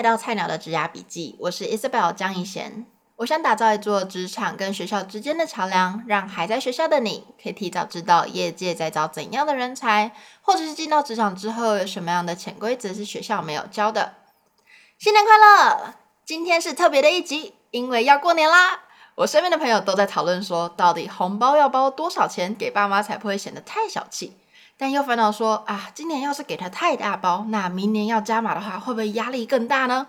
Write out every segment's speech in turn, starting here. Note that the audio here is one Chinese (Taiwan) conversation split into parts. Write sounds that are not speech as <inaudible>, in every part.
來到菜鳥的職涯筆記，我是 Isabelle 江怡嫻。我想打造一座職場跟學校之間的橋樑，讓還在學校的你可以提早知道業界在找怎樣的人才，或者是進到職場之後有什麼樣的潛規則是學校沒有教的。新年快樂！今天是特別的一集，因為要過年啦。我身邊的朋友都在討論說，到底紅包要包多少錢給爸媽才不會顯得太小氣？但又煩惱說啊，今年要是給他太大包，那明年要加碼的話，會不會壓力更大呢？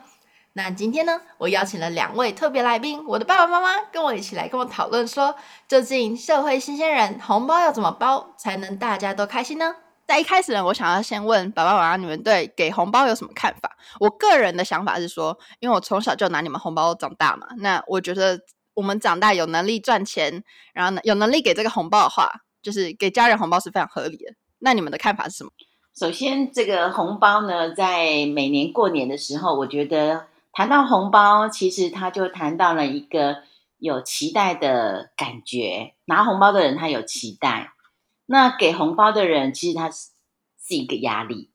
那今天呢，我邀請了兩位特別來賓，我的爸爸媽媽，跟我一起來跟我討論說，究竟社會新鮮人紅包要怎麼包才能大家都開心呢？在一開始呢，我想要先問爸爸媽媽，你們對給紅包有什麼看法？我個人的想法是說，因為我從小就拿你們紅包長大嘛，那我覺得我們長大有能力賺錢，然後呢，有能力給這個紅包的話，就是給家人紅包是非常合理的。那你們的看法是什麼？首先，這個紅包呢，在每年過年的時候，我覺得談到紅包，其實它就談到了一個有期待的感覺。拿紅包的人他有期待，那給紅包的人其實他是是一個壓力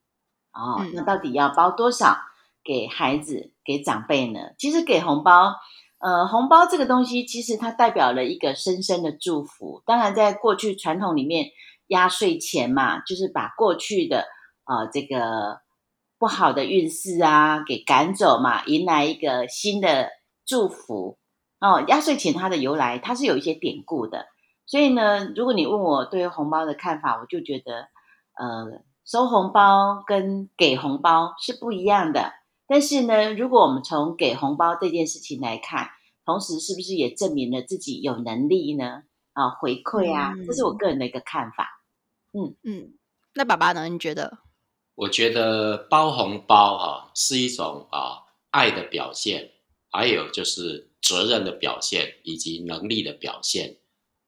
哦。嗯、那到底要包多少給孩子、給長輩呢？其實給紅包，呃，紅包這個東西其實它代表了一個深深的祝福。當然，在過去傳統裡面。壓歲錢嘛，就是把過去的啊、呃、這個不好的運勢啊給趕走嘛，迎來一個新的祝福哦。壓歲錢它的由來它是有一些典故的，所以呢，如果你問我對於紅包的看法，我就覺得呃收紅包跟給紅包是不一樣的。但是呢，如果我們從給紅包這件事情來看，同時是不是也證明了自己有能力呢？啊，回饋啊，嗯、這是我個人的一個看法。嗯嗯，那爸爸呢？你覺得？我覺得包紅包啊是一種啊愛的表現，還有就是責任的表現，以及能力的表現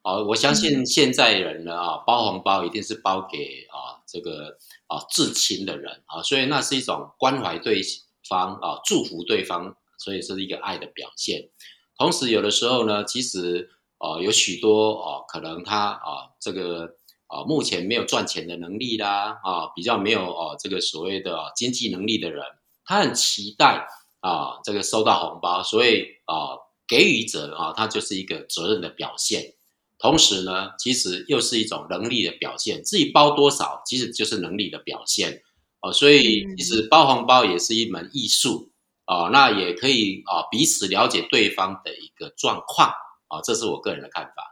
啊。我相信現在人呢啊，包紅包一定是包給啊這個啊至親的人啊，所以那是一種關懷對方啊，祝福對方，所以這是一個愛的表現。同時，有的時候呢，其實啊有許多啊，可能他啊這個。啊，目前沒有賺錢的能力啦，啊，比較沒有哦、啊，這個所謂的、啊、經濟能力的人，他很期待啊，這個收到紅包，所以啊，給予者啊，他就是一個責任的表現，同時呢，其實又是一種能力的表現，自己包多少，其實就是能力的表現，哦、啊，所以其實包紅包也是一門藝術啊，那也可以啊，彼此了解對方的一個狀況啊，這是我個人的看法。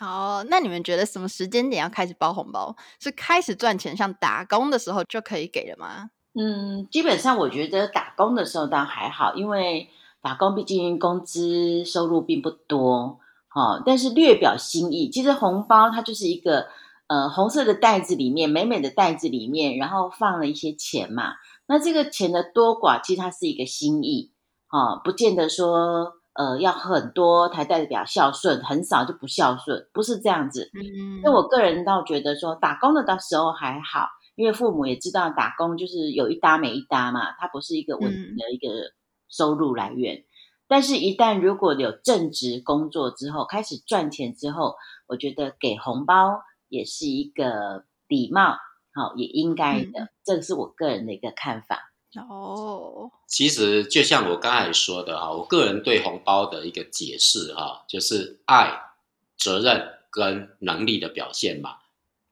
好，oh, 那你們覺得什麼時間點要開始包紅包？是開始賺錢，像打工的時候就可以給了嗎？嗯，基本上我覺得打工的時候倒還好，因為打工畢竟工資收入並不多，好、哦，但是略表心意。其實紅包它就是一個呃紅色的袋子裡面，美美的袋子裡面，然後放了一些錢嘛。那這個錢的多寡，其實它是一個心意，啊、哦，不見得說。呃，要很多才代表孝順，很少就不孝順，不是這樣子。嗯，那我個人倒覺得說，打工的到時候還好，因為父母也知道打工就是有一搭沒一搭嘛，它不是一個穩定的一個收入來源。嗯、但是，一旦如果有正職工作之後，開始賺錢之後，我覺得給紅包也是一個禮貌，好、哦、也應該的。嗯、這個是我個人的一個看法。哦，oh. 其實就像我剛才說的哈、啊，我個人對紅包的一個解釋哈、啊，就是愛、責任跟能力的表現嘛。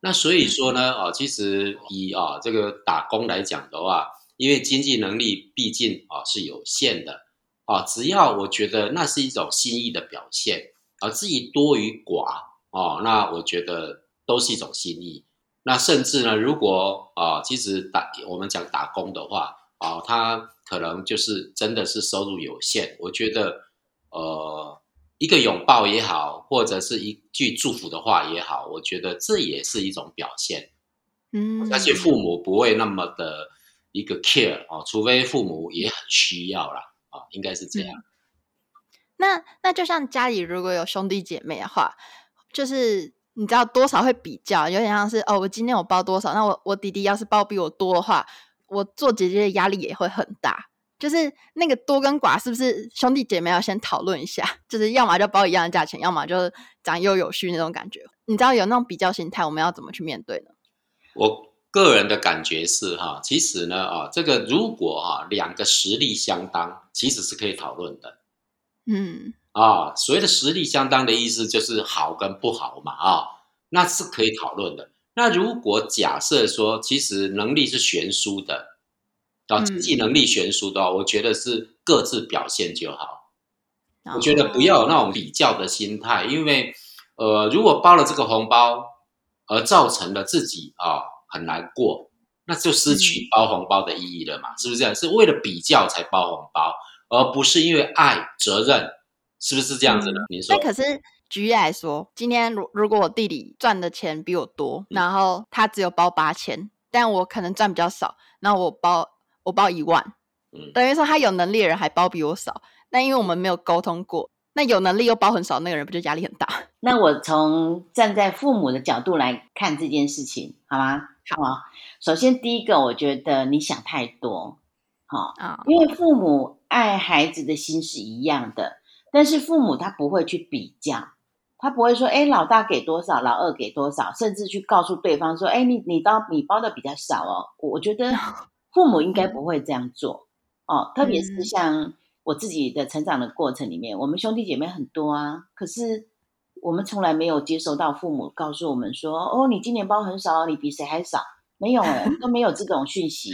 那所以說呢，啊，其實以啊，這個打工來講的話，因為經濟能力畢竟啊是有限的啊，只要我覺得那是一種心意的表現，而、啊、至於多與寡啊，那我覺得都是一種心意。那甚至呢，如果啊，其實打我們講打工的話，哦，他可能就是真的是收入有限。我覺得，呃，一個擁抱也好，或者是一句祝福的話也好，我覺得這也是一種表現。嗯，而且父母不會那麼的一個 care 哦，除非父母也很需要啦啊、哦，應該是這樣。嗯、那那就像家裡如果有兄弟姐妹的話，就是你知道多少會比較，有點像是哦，我今天我包多少，那我我弟弟要是包比我多的話，我做姐姐的壓力也會很大，就是那個多跟寡是不是兄弟姐妹要先討論一下？就是要麼就包一樣的價錢，要麼就是長幼有序那種感覺。你知道有那種比較心態，我們要怎麼去面對呢？我個人的感覺是哈，其實呢啊，這個如果啊，兩個實力相當，其實是可以討論的。嗯，啊，所謂的實力相當的意思就是好跟不好嘛啊，那是可以討論的。那如果假設說，其實能力是懸殊的，然、嗯、經濟能力懸殊的話，哦，我覺得是各自表現就好。嗯、我覺得不要有那種比較的心態，嗯、因為呃，如果包了這個紅包而造成了自己啊、呃、很難過，那就失去包紅包的意義了嘛，嗯、是不是這樣？是為了比較才包紅包，而不是因為愛、責任，是不是這樣子呢？嗯、你說？舉例來說，今天如，如果我弟弟賺的錢比我多，嗯、然後他只有包八千，但我可能賺比較少，那我包我包一萬，嗯、等於說他有能力的人還包比我少，那因為我們沒有溝通過，那有能力又包很少那個人不就壓力很大？那我從站在父母的角度來看這件事情好嗎？好吧，首先第一個，我覺得你想太多，好、哦、啊，哦、因為父母愛孩子的心是一樣的，但是父母他不會去比較。他不會說，哎，老大給多少，老二給多少，甚至去告訴對方說，哎，你你包你包的比較少哦，我覺得父母應該不會這樣做哦，特別是像我自己的成長的過程裡面，我們兄弟姐妹很多啊，可是我們從來沒有接收到父母告訴我們說，哦，你今年包很少，你比誰還少，沒有，都沒有這種訊息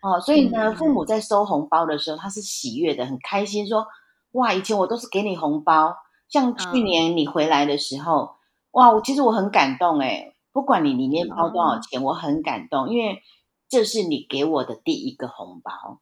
哦，所以呢，父母在收紅包的時候，他是喜悅的，很開心，說，哇，以前我都是給你紅包。像去年你回來的時候，oh. 哇，我其實我很感動誒，不管你裡面包多少錢，oh. 我很感動，因為這是你給我的第一個紅包，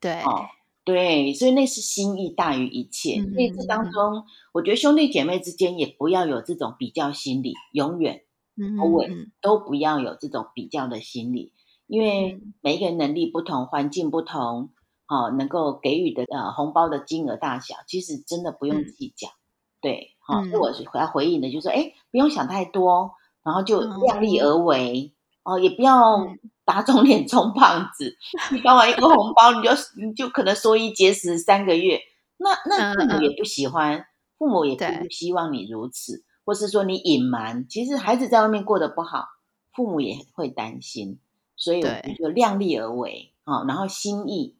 對，哦，對，所以那是心意大於一切。所以這當中，我覺得兄弟姐妹之間也不要有這種比較心理，永遠、嗯嗯嗯嗯永遠都不要有這種比較的心理，因為每個人能力不同，環境不同，哦，能夠給予的呃紅包的金額大小，其實真的不用計較。嗯對，好、嗯哦，所以我是要回應的，就是，哎，不用想太多，然後就量力而為，嗯、哦，也不要打腫臉充胖子。嗯、你搞完一個紅包，你就 <laughs> 你就可能說一節食三個月，那那父母也不喜歡，嗯嗯、父母也不希望你如此，對或是說你隱瞞。其實孩子在外面過得不好，父母也會擔心，所以你就量力而為啊對、哦，然後心意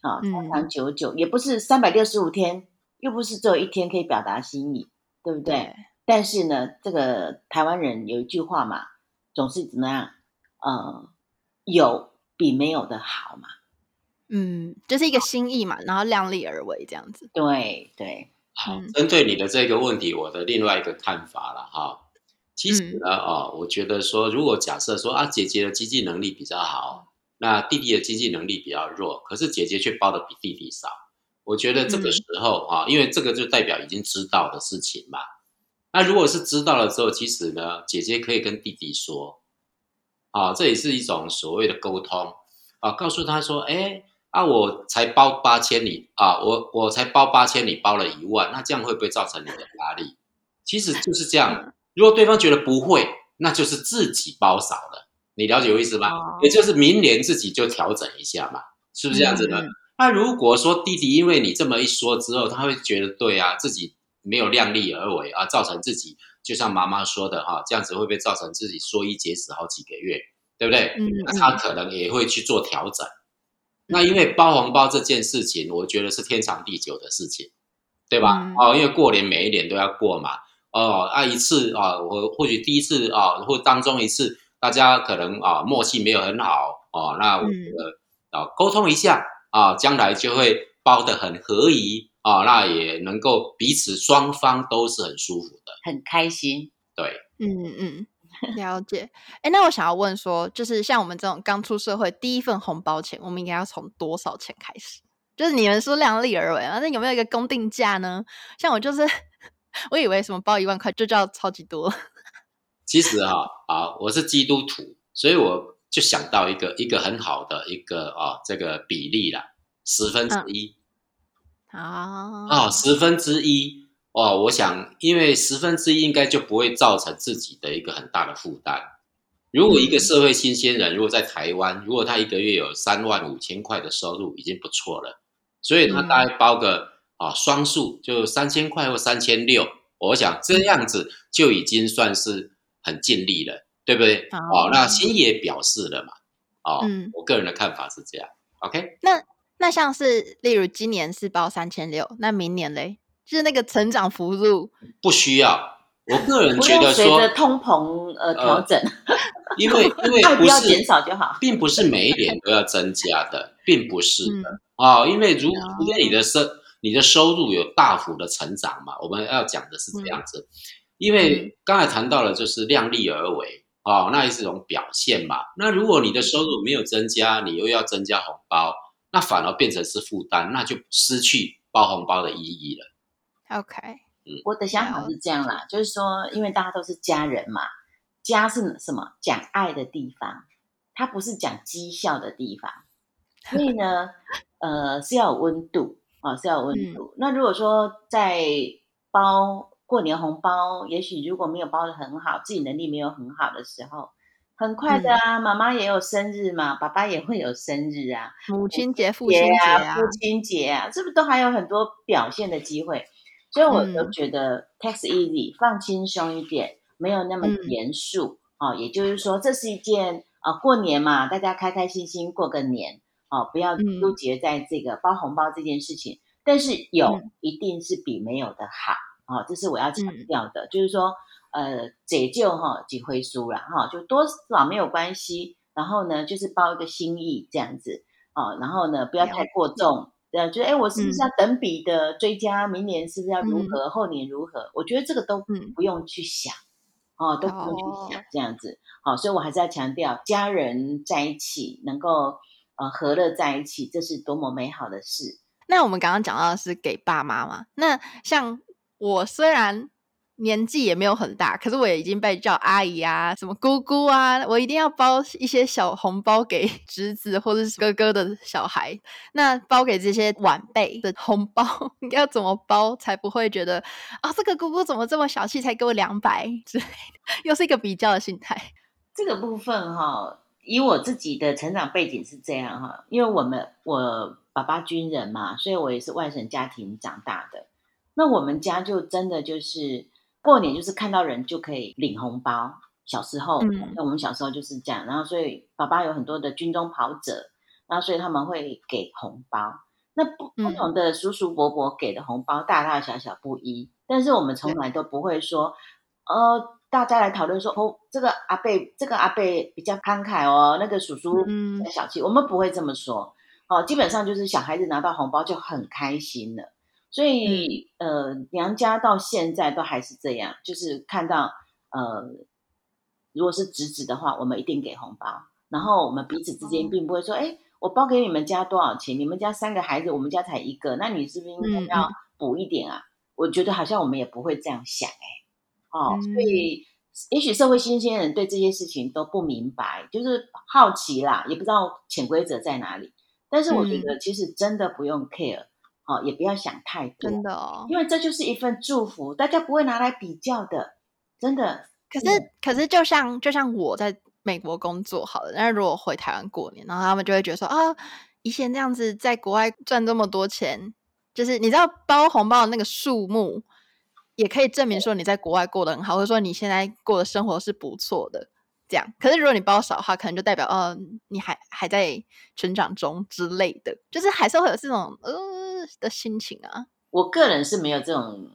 啊、哦，長長久久、嗯、也不是三百六十五天。又不是只有一天可以表達心意，對不對？對，但是呢，這個台灣人有一句話嘛，總是怎麼樣，呃、嗯，有比沒有的好嘛。嗯，就是一個心意嘛，好然後量力而為這樣子。對對，對好。嗯、針對你的這個問題，我的另外一個看法了哈。其實呢，嗯、哦，我覺得說，如果假設說啊，姐姐的經濟能力比較好，那弟弟的經濟能力比較弱，可是姐姐卻包的比弟弟少。我覺得這個時候啊，嗯、因為這個就代表已經知道的事情嘛。那如果是知道了之後，其實呢，姐姐可以跟弟弟說，啊，這也是一種所謂的溝通啊，告訴他說，哎啊，我才包八千你啊，我我才包八千你包了一萬，那這樣會不會造成你的壓力？其實就是這樣，嗯、如果對方覺得不會，那就是自己包少了，你了解我意思嗎？哦、也就是明年自己就調整一下嘛，是不是這樣子呢？嗯嗯那如果說弟弟因為你這麼一說之後，他會覺得對啊，自己沒有量力而為啊，造成自己就像媽媽說的哈、啊，這樣子會被造成自己縮衣節食好幾個月，對不對？嗯，那他可能也會去做調整。嗯、那因為包紅包這件事情，我覺得是天長地久的事情，對吧？嗯、哦，因為過年每一年都要過嘛。哦，那、啊、一次啊，我或許第一次啊，或當中一次，大家可能啊默契沒有很好哦、啊，那我覺得啊溝通一下。啊，將來就會包得很合宜啊，那也能夠彼此雙方都是很舒服的，很開心。對，嗯嗯了解。哎、 <laughs> 欸，那我想要問說，就是像我們這種剛出社會第一份紅包錢，我們應該要從多少錢開始？就是你們說量力而為啊，那有沒有一個公定價呢？像我就是，我以為什麼包一萬塊就叫超級多。其實哈啊，啊，我是基督徒，所以我。就想到一個一個很好的一個啊、哦，這個比例啦，十分之一。好、嗯、哦、哦，十分之一哦，我想，因為十分之一應該就不會造成自己的一個很大的負擔。如果一個社會新鮮人，嗯、如果在台灣，如果他一個月有三萬五千塊的收入，已經不錯了。所以他大概包個啊、哦、雙數，就三千塊或三千六，我想這樣子就已經算是很盡力了。對不對？哦,哦，那心意也表示了嘛？哦，嗯、我個人的看法是這樣。OK，那那像是例如今年是包三千六，那明年嘞，就是那個成長幅度不需要。我個人覺得說隨着通膨呃調整，呃、因為因為不要減少就好，並不是每一年都要增加的，並不是的。嗯、哦，因為如因為你的收你的收入有大幅的成長嘛，我們要講的是這樣子，嗯、因為剛才談到了就是量力而為。哦，那也是一種表現嘛。那如果你的收入沒有增加，你又要增加紅包，那反而變成是負擔，那就失去包紅包的意義了。OK，、嗯、我的想法是這樣啦，就是說，因為大家都是家人嘛，家是什麼？講愛的地方，它不是講績效的地方。所以呢， <laughs> 呃，是要有溫度啊、哦，是要有溫度。嗯、那如果說在包。過年紅包，也許如果沒有包得很好，自己能力沒有很好的時候，很快的啊。嗯、媽媽也有生日嘛，爸爸也會有生日啊。母親節、父親節啊，啊，父親節啊，節啊這不都還有很多表現的機會？所以我都覺得、嗯、take it easy 放輕鬆一點，沒有那麼嚴肅、嗯、哦。也就是說，這是一件啊、呃，過年嘛，大家開開心心過個年哦，不要糾結在這個、嗯、包紅包這件事情。但是有、嗯、一定是比沒有的好。好，這是我要強調的，嗯、就是說，呃，解救哈、哦、幾回書了、啊、哈、哦，就多少沒有關係。然後呢，就是包一個心意這樣子哦。然後呢，不要太過重，然後了解就是哎，我是不是要等比的追加？嗯、明年是不是要如何？嗯、後年如何？我覺得這個都不用去想、嗯、哦，都不用去想這樣子。好、哦哦，所以我還是要強調，家人在一起能夠呃和樂在一起，這是多麼美好的事。那我們剛剛講到的是給爸媽嘛？那像。我雖然年紀也沒有很大，可是我也已經被叫阿姨啊，什麼姑姑啊，我一定要包一些小紅包給侄子或者是哥哥的小孩。那包給這些晚輩的紅包，要怎麼包才不會覺得啊，哦，這個姑姑怎麼這麼小氣，才給我兩百之類的？又是一個比較的心態。這個部分哈，以我自己的成長背景是這樣哈，因為我們我爸爸軍人嘛，所以我也是外省家庭長大的。那我們家就真的就是過年，就是看到人就可以領紅包。小時候，嗯、那我們小時候就是這樣。然後，所以爸爸有很多的軍中袍澤，然後所以他們會給紅包。那不不同的叔叔伯伯給的紅包大大小小不一，嗯、但是我們從來都不會說，呃對、哦，大家來討論說哦，這個阿伯這個阿伯比較慷慨哦，那個叔叔嗯，小氣，嗯、我們不會這麼說。哦，基本上就是小孩子拿到紅包就很開心了。所以，嗯、呃，娘家到現在都還是這樣，就是看到，呃，如果是侄子的話，我們一定給紅包。然後我們彼此之間並不會說，哎、嗯，我包給你們家多少錢？你們家三個孩子，我們家才一個，那你是不是要補一點啊？嗯、我覺得好像我們也不會這樣想、欸，誒。哦，嗯、所以也許社會新鮮人對這些事情都不明白，就是好奇啦，也不知道潛規則在哪裡。但是我覺得其實真的不用 care、嗯。哦，也不要想太多，真的哦，因為這就是一份祝福，大家不會拿來比較的，真的。可是，嗯、可是，就像就像我在美國工作好了，但是如果回台灣過年，然後他們就會覺得說啊、哦，以前那樣子在國外賺這麼多錢，就是你知道包紅包的那個數目，也可以證明說你在國外過得很好，對或者說你現在過的生活是不錯的。這樣，可是如果你包少的話，可能就代表哦，你還還在成長中之類的，就是還是會有這種呃的心情啊。我個人是沒有這種，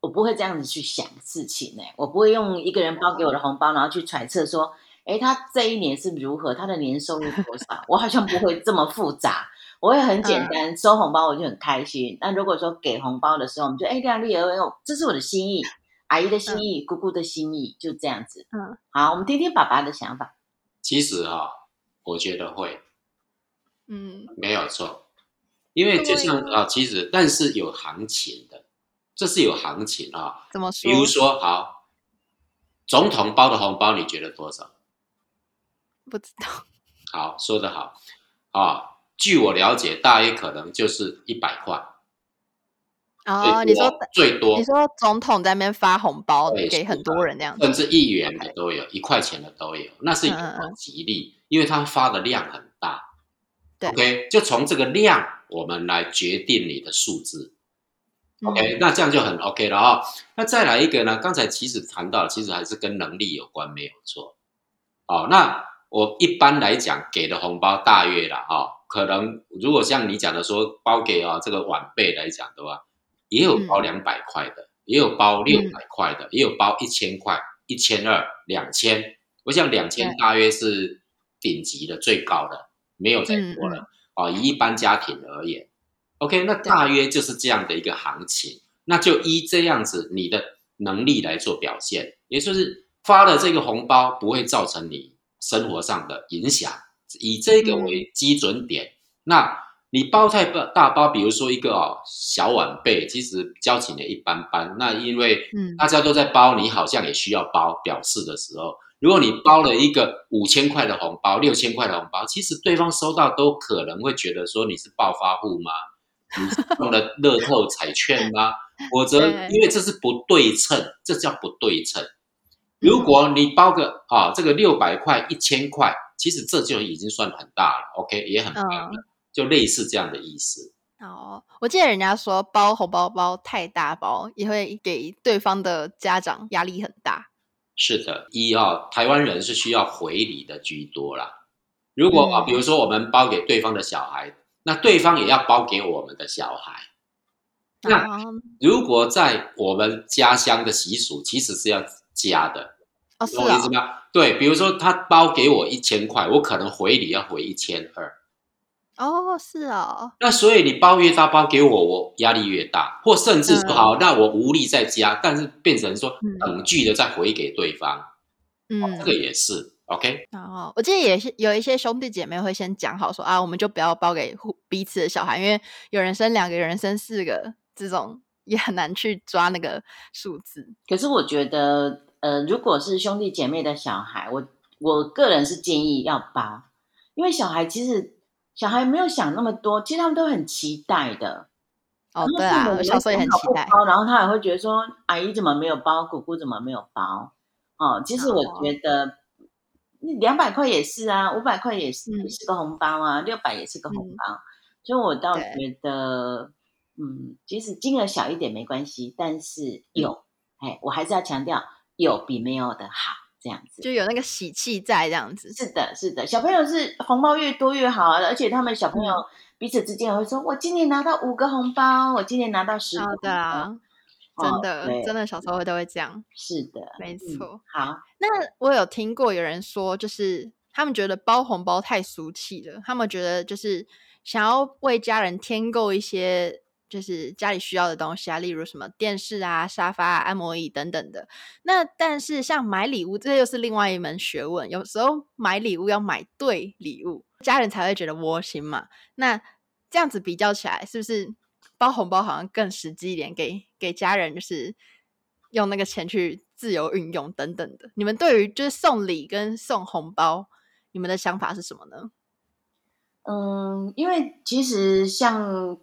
我不會這樣子去想事情呢、欸。我不會用一個人包給我的紅包，嗯、然後去揣測說，哎，他這一年是如何，他的年收入多少， <laughs> 我好像不會這麼複雜。我會很簡單收紅包，我就很開心。那、嗯、如果說給紅包的時候，我們就哎，量力而為，這是我的心意。阿姨的心意，嗯、姑姑的心意，就這樣子。嗯，好，我們聽聽爸爸的想法。其實哈、哦，我覺得會，嗯，沒有錯，因為就像啊，對其實但是有行情的，這是有行情啊、哦。怎麼說？比如說，好，總統包的紅包你覺得多少？不知道。好，說得好啊。據我了解，大約可能就是一百塊。哦，你說最多，你說總統在那邊發紅包對給很多人這樣子，甚至一元的都有，Okay. 一塊錢的都有，那是很吉利，嗯、因為他發的量很大。對，OK，就從這個量我們來決定你的數字。OK，、嗯、那這樣就很 OK 了啊、哦。那再來一個呢？剛才其實談到，其實還是跟能力有關，沒有錯。哦，那我一般來講給的紅包大約了哈、哦，可能如果像你講的說包給啊、哦、這個晚輩來講的話。也有包兩百塊的，嗯、也有包六百塊的，嗯、也有包一千塊、一千二、兩千。我想兩千大約是頂級的、對最高的，沒有再多了啊、嗯哦。以一般家庭而言，OK，那大約就是這樣的一個行情。對那就依這樣子你的能力來做表現，也就是發了這個紅包不會造成你生活上的影響，以這個為基準點，嗯、那。你包太大包，比如說一個小晚輩，其實交情也一般般。那因為大家都在包，你好像也需要包表示的時候。嗯，如果你包了一個五千塊的紅包、六千塊的紅包，其實對方收到都可能會覺得說你是暴發戶嗎？你用了樂透彩券嗎？否則，因為這是不對稱，對，這叫不對稱。如果你包個啊這個六百塊、一千塊，其實這就已經算很大了。OK，也很。哦就類似這樣的意思。哦，我記得人家說，包紅包包太大包也會給對方的家長壓力很大。是的，一哦，台灣人是需要回禮的居多啦。如果啊，嗯、比如說我們包給對方的小孩，那對方也要包給我們的小孩。嗯、那、嗯、如果在我們家鄉的習俗，其實是要加的。哦，是嗎、啊？對，比如說他包給我一千塊，我可能回禮要回一千二。哦，是哦，那所以你包越大包給我，我壓力越大，或甚至說好，那對我無力再加，但是變成說等值的再回給對方，嗯、哦，這個也是、嗯、OK。哦，我記得也是有一些兄弟姐妹會先講好說啊，我們就不要包給彼此的小孩，因為有人生兩個，有人生四個，這種也很難去抓那個數字。可是我覺得，呃，如果是兄弟姐妹的小孩，我我個人是建議要包，因為小孩其實。小孩沒有想那麼多，其實他們都很期待的。哦，對啊，我們小時候也很期待。然後他也會覺得說：“阿姨怎麼沒有包？姑姑怎麼沒有包？”哦，其實我覺得，那兩百、哦、塊也是啊，五百塊也是，嗯、是個紅包啊，六百也是個紅包。嗯、所以我倒覺得，對嗯，即使金額小一點沒關係，但是有，哎、嗯，我還是要強調，有比沒有的好。這樣子就有那個喜氣在，這樣子是的，是的，小朋友是紅包越多越好啊，而且他們小朋友彼此之間也會說，我今年拿到五個紅包，我今年拿到十個好。真的對真的小時候會都會這樣，是的，沒錯。嗯、好，那我有聽過有人說，就是他們覺得包紅包太俗氣了，他們覺得就是想要為家人添購一些，就是家裡需要的東西啊，例如什麼電視啊、沙發啊、按摩椅等等的。那但是像買禮物，這又是另外一門學問。有時候買禮物要買對禮物，家人才會覺得窩心嘛。那這樣子比較起來，是不是包紅包好像更實際一點？給給家人就是用那個錢去自由運用等等的。你們對於就是送禮跟送紅包，你們的想法是什麼呢？嗯，因為其實像。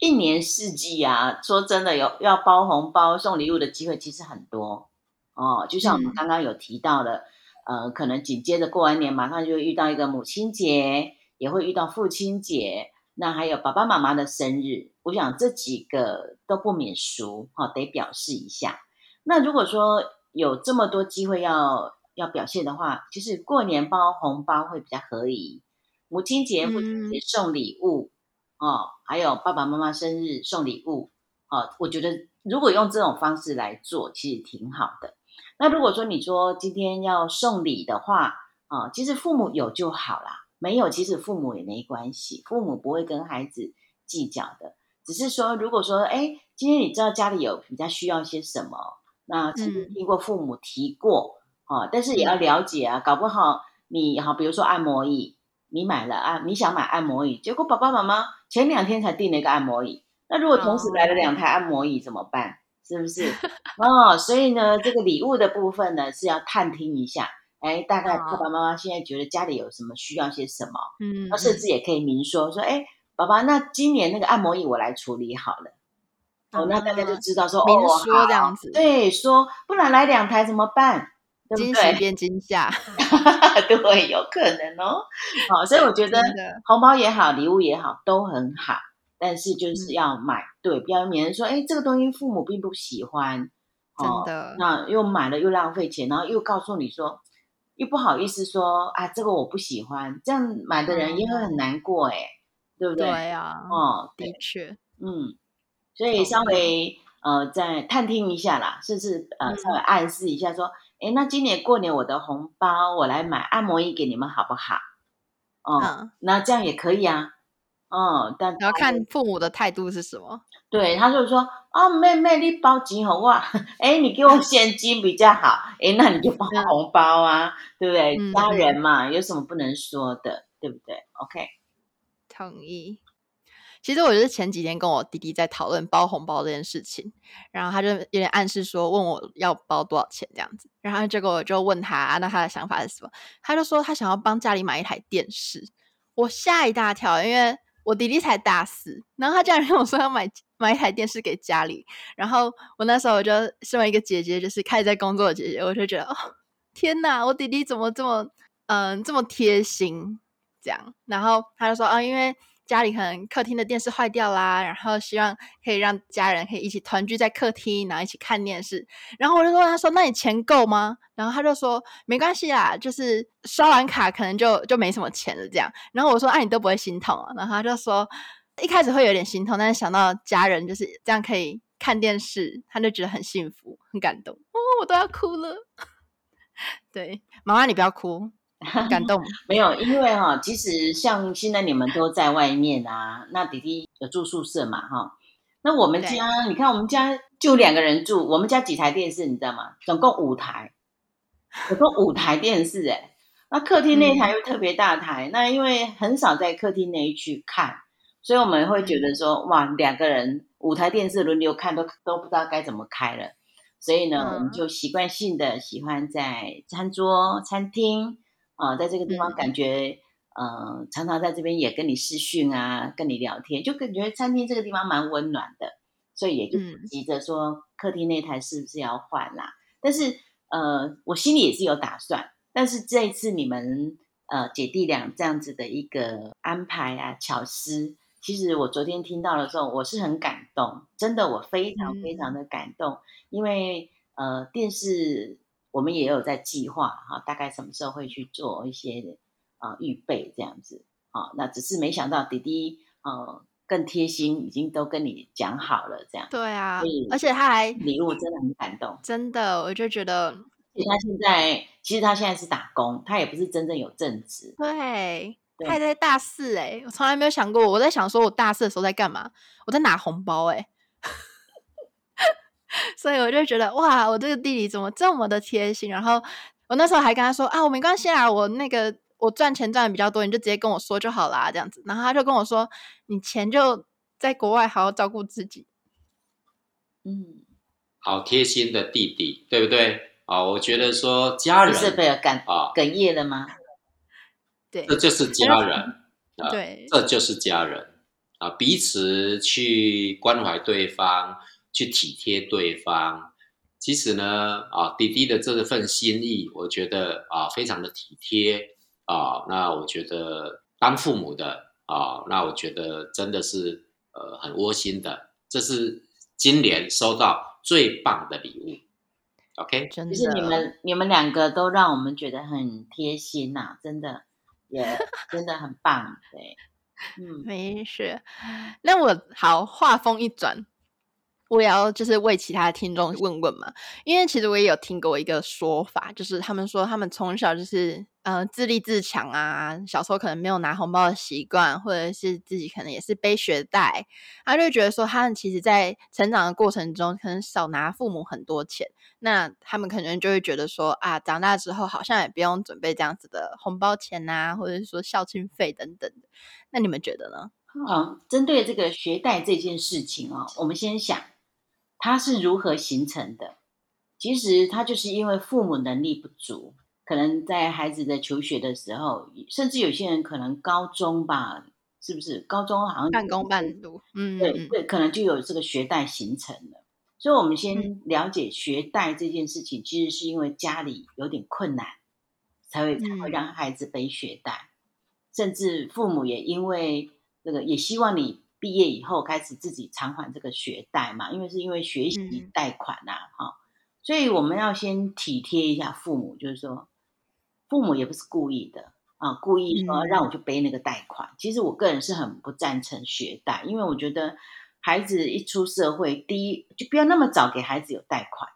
一年四季呀，說真的有，有要包紅包送禮物的機會其實很多哦。就像我們剛剛有提到的，嗯、呃，可能緊接着過完年，馬上就會遇到一個母親節，也會遇到父親節，那還有爸爸媽媽的生日。我想這幾個都不免俗哈、哦，得表示一下。那如果說有這麼多機會要要表現的話，其實過年包紅包會比較合宜，母親節、父親節送禮物。嗯哦，還有爸爸媽媽生日送禮物，哦，我覺得如果用這種方式來做，其實挺好的。那如果說你說今天要送禮的話，啊、哦，其實父母有就好啦。沒有其實父母也沒關係，父母不會跟孩子計較的。只是說，如果說，誒，今天你知道家裡有比較需要些什麼，那曾經聽過父母提過，哦，但是也要了解啊，嗯、搞不好你好，比如說按摩椅。你買了啊？你想買按摩椅，結果爸爸媽媽前兩天才訂了一個按摩椅，那如果同時來了兩台按摩椅、嗯、怎麼辦？是不是？ <laughs> 哦，所以呢，這個禮物的部分呢是要探聽一下，哎、欸，大概爸爸媽媽現在覺得家裡有什麼需要些什麼，哦、嗯，甚至也可以明說，說，哎、欸，爸爸，那今年那個按摩椅我來處理好了，嗯、哦，那大家就知道說，哦，明說這樣子，哦、對，說不然來兩台怎麼辦？對對，驚喜變驚嚇， <laughs> 對，有可能哦。好、哦，所以我覺得的紅包也好，禮物也好，都很好，但是就是要買，嗯、對，不要免得說，哎，這個東西父母並不喜歡，哦、真的，那、啊、又買了又浪費錢，然後又告訴你說，又不好意思說，啊，這個我不喜歡，這樣買的人也會很難過耶，哎、嗯，對不對？對呀、啊。哦，的確，嗯，所以稍微呃再探聽一下啦，甚至呃稍微暗示一下說。嗯哎，那今年過年我的紅包，我來買按摩椅給你們好不好？哦、嗯，嗯、那這樣也可以啊。哦、嗯，但你要看父母的態度是什麼。對，他就說啊、哦，妹妹，你包金紅啊哎，你給我現金比較好。哎， <laughs> 那你就包紅包啊，對不對？家、嗯、人嘛，有什麼不能說的，對不對？OK，同意。其實我就是前幾天跟我弟弟在討論包紅包這件事情，然後他就有點暗示說，問我要包多少錢這樣子，然後結果我就問他啊，那他的想法是什麼？他就說他想要幫家裡買一台電視，我嚇一大跳，因為我弟弟才大四，然後他竟然跟我說要買買一台電視給家裡，然後我那時候我就身為一個姐姐，就是開始在工作的姐姐，我就覺得哦，天哪，我弟弟怎麼這麼嗯、呃、這麼貼心這樣？然後他就說啊，因為。家裡可能客廳的電視壞掉啦，然後希望可以讓家人可以一起團聚在客廳，然後一起看電視。然後我就問他說：“那你錢夠嗎？”然後他就說：“沒關係啦，就是刷完卡可能就就沒什麼錢了這樣。”然後我說：“啊，你都不會心痛啊？”然後他就說：“一開始會有點心痛，但是想到家人就是這樣可以看電視，他就覺得很幸福，很感動。哦，我都要哭了。 <laughs> 對，媽媽，你不要哭。”感動 <laughs> 沒有，因為哈、哦，其實像現在你們都在外面啊， <laughs> 那弟弟有住宿舍嘛哈、哦，那我們家對你看我們家就兩個人住，我們家幾台電視你知道嗎？總共五台，總共五台電視誒、欸、 <laughs> 那客廳那台又特別大台，嗯、那因為很少在客廳內去看，所以我們會覺得說、嗯、哇兩個人五台電視輪流看都都不知道該怎麼開了，所以呢我們、嗯、就習慣性的喜歡在餐桌餐廳。啊、呃，在這個地方感覺，嗯、呃常常在這邊也跟你視訊啊，跟你聊天，就感覺餐廳這個地方蠻溫暖的，所以也就急着說，客廳那台是不是要換啦。嗯、但是，呃，我心裡也是有打算。但是這一次你們，呃，姐弟倆這樣子的一個安排啊，巧思，其實我昨天聽到的時候，我是很感動，真的，我非常非常的感動，嗯、因為，呃，電視。我們也有在計劃哈、哦，大概什麼時候會去做一些啊、呃、預備這樣子啊、哦？那只是沒想到弟弟、呃、更貼心，已經都跟你講好了這樣。對啊，以而且他還禮物真的很感動。真的，我就覺得他現在其實他現在是打工，他也不是真正有正職。對，對他也在大四哎、欸，我從來沒有想過，我在想說我大四的時候在幹嘛？我在拿紅包哎、欸。所以我就覺得哇，我這個弟弟怎麼這麼的貼心？然後我那時候還跟他說啊，我沒關係啦、啊，我那個我賺錢賺的比較多，你就直接跟我說就好啦、啊。這樣子。然後他就跟我說，你錢就在國外好好照顧自己。嗯，好貼心的弟弟，對不對？啊，我覺得說家人是被哽啊哽咽了嗎？對，這就是家人，是啊、對，這就是家人啊，彼此去關懷對方。去體貼對方，其實呢，啊、哦，弟弟的這份心意，我覺得啊、哦，非常的體貼啊、哦。那我覺得當父母的啊、哦，那我覺得真的是呃很窩心的。這是今年收到最棒的禮物，OK？真的是你們你們兩個都讓我們覺得很貼心啊，真的也真的很棒哎。 <laughs> 嗯，沒事。那我好，話鋒一轉。我也要就是為其他的聽眾問問嘛，因為其實我也有聽過一個說法，就是他們說他們從小就是呃自立自強啊，小時候可能沒有拿紅包的習慣，或者是自己可能也是背學貸，他就覺得說他們其實在成長的過程中可能少拿父母很多錢，那他們可能就會覺得說啊長大之後好像也不用準備這樣子的紅包錢啊，或者是說孝親費等等，那你們覺得呢？好，針對這個學貸這件事情哦，我們先想。它是如何形成的？其實它就是因為父母能力不足，可能在孩子的求學的時候，甚至有些人可能高中吧，是不是？高中好像半工半讀，對嗯，嗯，對對，可能就有這個學貸形成了。所以，我們先了解學貸這件事情，嗯、其實是因為家裡有點困難，才會才會讓孩子背學貸，嗯、甚至父母也因為那、這個也希望你。畢業以後開始自己償還這個學貸嘛，因為是因為學習貸款吶、啊、哈、嗯哦，所以我們要先體貼一下父母，就是說父母也不是故意的啊，故意說讓我去背那個貸款。嗯、其實我個人是很不贊成學貸，因為我覺得孩子一出社會，第一就不要那麼早給孩子有貸款、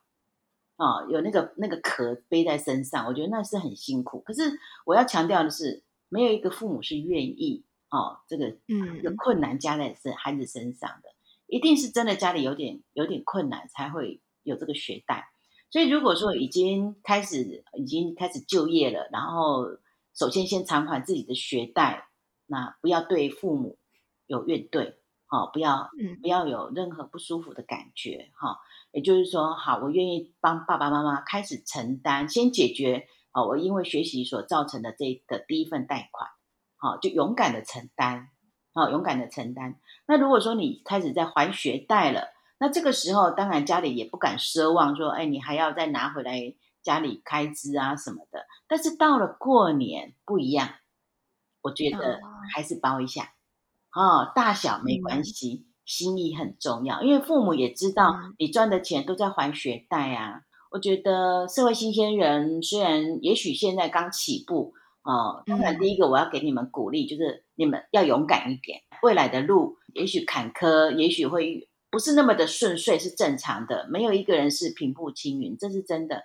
啊、有那個那個殼背在身上，我覺得那是很辛苦。可是我要強調的是，沒有一個父母是願意。哦，這個嗯困難加在是孩子身上的，嗯、一定是真的家裡有點有點困難才會有這個學貸。所以如果說已經開始已經開始就業了，然後首先先償還自己的學貸，那不要對父母有怨懟，好、哦，不要、嗯、不要有任何不舒服的感覺哈、哦。也就是說，好，我願意幫爸爸媽媽開始承擔，先解決啊、哦，我因為學習所造成的這的第一份貸款。好，就勇敢的承擔，好、哦，勇敢的承擔。那如果說你開始在還學貸了，那這個時候當然家裡也不敢奢望說，哎，你還要再拿回來家裡開支啊什麼的。但是到了過年不一樣，我覺得還是包一下，哦，大小沒關係，嗯、心意很重要。因為父母也知道你賺的錢都在還學貸啊。我覺得社會新鮮人雖然也許現在剛起步。哦，當然，第一個我要給你們鼓勵，嗯、就是你們要勇敢一點。未來的路也許坎坷，也許會不是那麼的順遂，是正常的。沒有一個人是平步青雲，這是真的。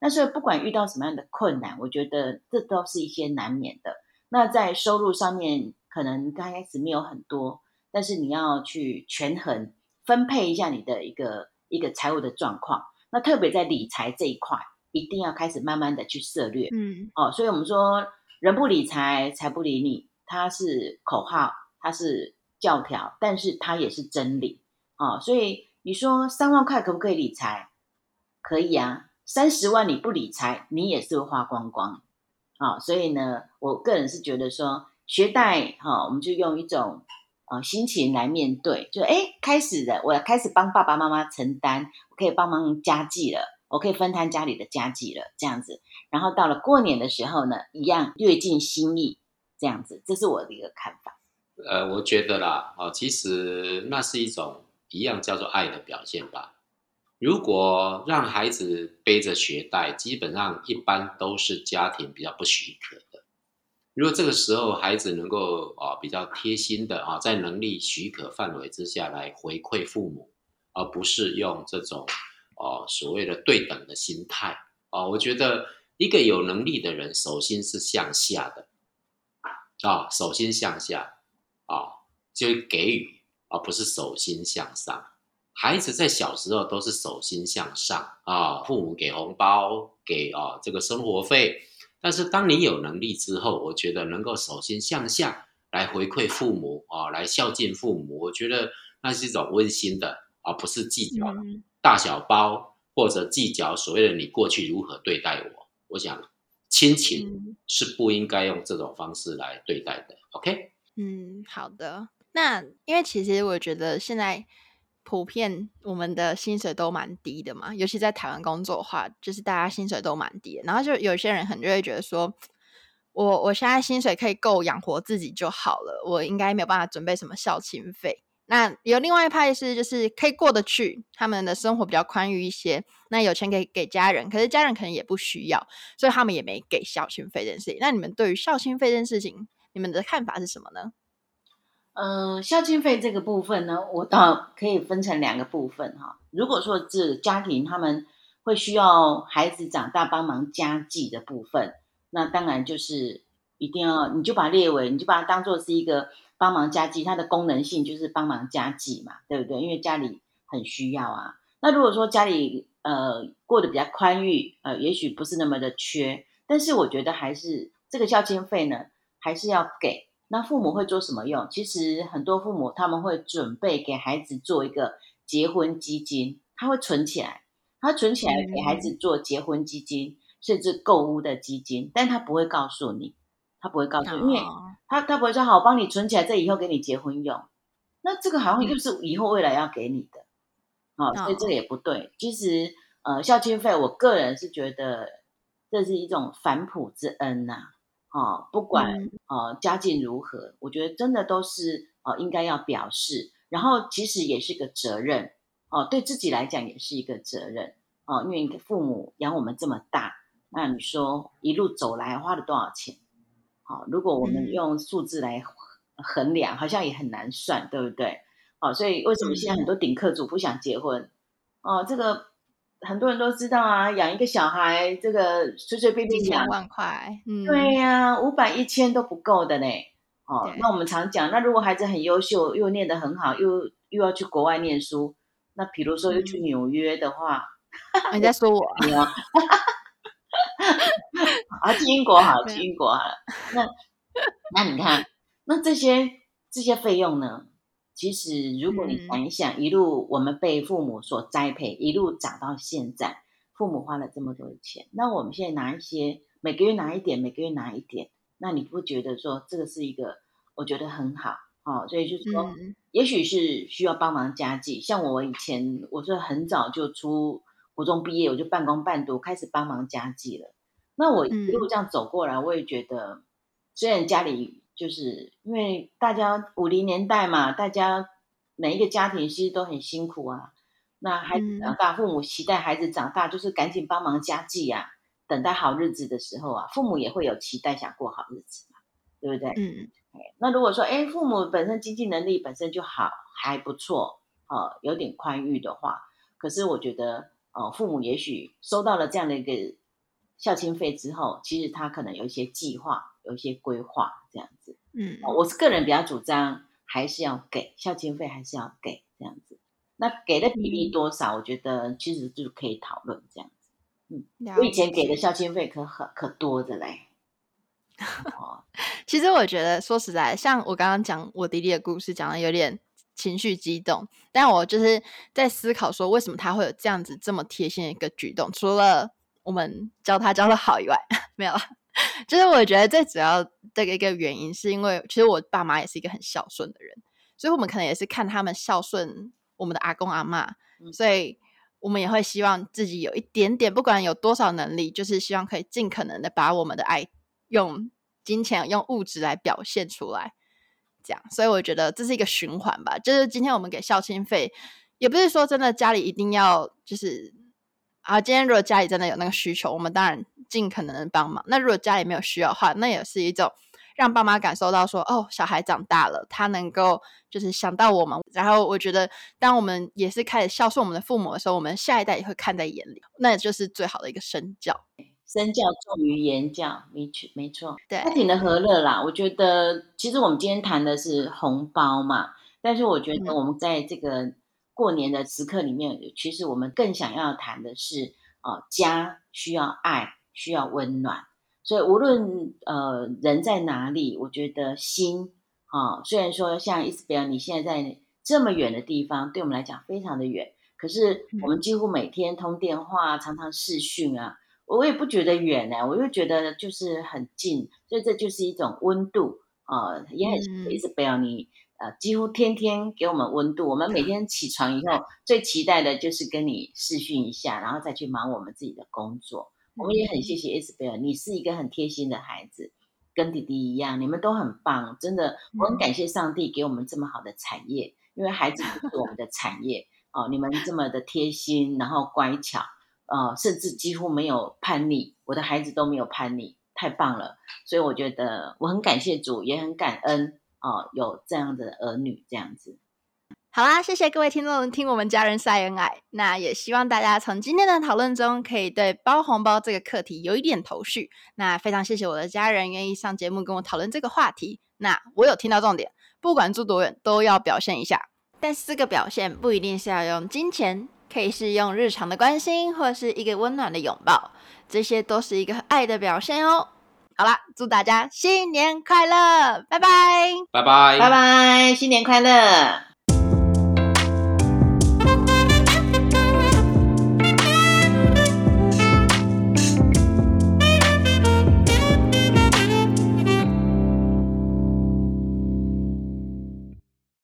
那所以不管遇到什麼樣的困難，我覺得這都是一些難免的。那在收入上面，可能剛開始沒有很多，但是你要去權衡分配一下你的一個一個財務的狀況。那特別在理財這一塊。一定要開始慢慢的去涉獵，嗯，哦，所以我們說人不理財，財不理你，它是口號，它是教條，但是它也是真理，哦，所以你說三萬塊可不可以理財？可以啊，三十萬你不理財，你也是會花光光，哦，所以呢，我個人是覺得說學貸，哈、哦，我們就用一種啊、哦、心情來面對，就哎，開始的，我要開始幫爸爸媽媽承擔，我可以幫忙家計了。我可以分攤家裡的家計了，這樣子，然後到了過年的時候呢，一樣略盡心意，這樣子，這是我的一個看法。呃，我覺得啦，哦，其實那是一種一樣叫做愛的表現吧。如果讓孩子背着學貸，基本上一般都是家庭比較不許可的。如果這個時候孩子能夠啊、哦、比較貼心的啊、哦，在能力許可範圍之下來回饋父母，而不是用這種。哦，所謂的對等的心態哦，我覺得一個有能力的人，手心是向下的啊、哦，手心向下啊、哦，就給予，而、哦、不是手心向上。孩子在小時候都是手心向上啊、哦，父母給紅包，給啊、哦、這個生活費。但是當你有能力之後，我覺得能夠手心向下來回饋父母啊、哦，來孝敬父母，我覺得那是一種溫馨的。而、啊、不是計較、嗯、大小包，或者計較所謂的你過去如何對待我。我想，親情是不應該用這種方式來對待的。嗯 OK？嗯，好的。那因為其實我覺得現在普遍我們的薪水都蠻低的嘛，尤其在台灣工作的話，就是大家薪水都蠻低。然後就有些人很就會覺得說，我我現在薪水可以夠養活自己就好了，我應該沒有辦法準備什麼孝親費。那有另外一派是，就是可以過得去，他們的生活比較寬裕一些，那有錢給給家人，可是家人可能也不需要，所以他們也沒給孝親費這件事情。那你們對於孝親費這件事情，你們的看法是什麼呢？嗯、呃，孝親費這個部分呢，我倒可以分成兩個部分哈。如果說是家庭他們會需要孩子長大幫忙家計的部分，那當然就是一定要，你就把列為，你就把它當做是一個。幫忙家計，它的功能性就是幫忙家計嘛，對不對？因為家裡很需要啊。那如果說家裡呃過得比較寬裕，呃，也許不是那麼的缺，但是我覺得還是這個孝親費呢，還是要給。那父母會做什麼用？其實很多父母他們會準備給孩子做一個結婚基金，他會存起來，他存起來給孩子做結婚基金，嗯、甚至購屋的基金，但他不會告訴你，他不會告訴你。因為好他他不會說，好，我幫你存起來，這以後給你結婚用。那這個好像又是以後未來要給你的，好、嗯哦，所以這個也不對。其實，呃，孝敬費，我個人是覺得這是一種反哺之恩吶、啊。哦，不管哦、嗯呃、家境如何，我覺得真的都是哦、呃、應該要表示。然後其實也是一個責任哦、呃，對自己來講也是一個責任哦、呃，因為你的父母養我們這麼大，那你說一路走來花了多少錢？好，如果我們用數字來衡量，嗯、好像也很難算，對不對？所以為什麼現在很多頂客族不想結婚？嗯、哦，這個很多人都知道啊，養一個小孩，這個隨隨便便幾萬塊，嗯、對呀、啊，五百一千都不夠的呢。哦，對那我們常講，那如果孩子很優秀，又念得很好，又又要去國外念書，那比如說又去紐約的話，人家、嗯、 <laughs> 說我？ <laughs> 啊，去英國好了，去英國好了。好對那那你看，那這些這些費用呢？其實如果你想一想，一路我們被父母所栽培，一路長到現在，父母花了這麼多的錢，那我們現在拿一些，每個月拿一點，每個月拿一點，那你不覺得說這個是一個？我覺得很好，哦。所以就是說，嗯、也許是需要幫忙家計。像我以前，我是很早就出。國中畢業，我就半工半讀，開始幫忙家計了。那我一路這樣走過來，嗯、我也覺得，雖然家裡就是因為大家五零年代嘛，大家每一個家庭其實都很辛苦啊。那孩子長大，父母期待孩子長大，嗯、就是趕緊幫忙家計啊，等待好日子的時候啊，父母也會有期待，想過好日子嘛，對不對？嗯嗯。那如果說哎，父母本身經濟能力本身就好，還不錯，呃、有點寬裕的話，可是我覺得。哦，父母也許收到了這樣的一個孝親費之後，其實他可能有一些計劃，有一些規劃這樣子。嗯，我是個人比較主張還是要給孝親費，還是要給這樣子。那給的比例多少，嗯、我覺得其實就可以討論這樣子。嗯，我解以前給的孝親費可很可多的嘞。哦， <laughs> 其實我覺得說實在，像我剛剛講我弟弟的故事，講的有點。情緒激動，但我就是在思考說，為什麼他會有這樣子這麼貼心的一個舉動？除了我們教他教得好以外，沒有。就是我覺得最主要的一個原因，是因為其實我爸媽也是一個很孝順的人，所以我們可能也是看他們孝順我們的阿公阿嬤，嗯、所以我們也會希望自己有一點點，不管有多少能力，就是希望可以盡可能的把我們的愛用金錢、用物質來表現出來。這樣，所以我覺得這是一個循環吧，就是今天我們給孝親費，也不是說真的家裡一定要就是啊，今天如果家裡真的有那個需求，我們當然盡可能的幫忙。那如果家裡沒有需要的話，那也是一種讓爸媽感受到說哦，小孩長大了，他能夠就是想到我們。然後我覺得，當我們也是開始孝順我們的父母的時候，我們下一代也會看在眼裡，那就是最好的一個身教。身教重於言教，沒錯，沒錯。對，家庭的和樂啦，我覺得其實我們今天談的是紅包嘛，但是我覺得我們在這個過年的時刻裡面，嗯、其實我們更想要談的是啊，家需要愛，需要溫暖。所以無論呃人在哪裡，我覺得心啊，雖然說像 Isabelle 你現在在這麼遠的地方，嗯、對我們來講非常的遠，可是我們幾乎每天通電話，常常視訊啊。我也不覺得遠呢，我又覺得就是很近，所以這就是一種溫度啊，呃嗯、也很謝謝 Isabelle、嗯、你，呃，幾乎天天給我們溫度。我們每天起床以後，嗯、最期待的就是跟你視訊一下，然後再去忙我們自己的工作。嗯、我們也很謝謝 Isabelle，嗯、你是一個很貼心的孩子，跟弟弟一樣，你們都很棒，真的，我很感謝上帝給我們這麼好的產業，嗯、因為孩子是我們的產業 <laughs> 哦。你們這麼的貼心，然後乖巧。呃，甚至幾乎沒有叛逆，我的孩子都沒有叛逆，太棒了。所以我覺得我很感謝主，也很感恩啊、呃，有這樣的兒女這樣子。好啦，謝謝各位聽眾聽我們家人曬恩愛、愛。那也希望大家從今天的討論中，可以對包紅包這個課題有一點頭緒。那非常謝謝我的家人願意上節目跟我討論這個話題。那我有聽到重點，不管住多遠都要表現一下，但是這個表現不一定是要用金錢。可以是用日常的關心，或者是一個溫暖的擁抱，這些都是一個愛的表現哦。好啦，祝大家新年快樂，拜拜，拜拜，拜拜，新年快樂。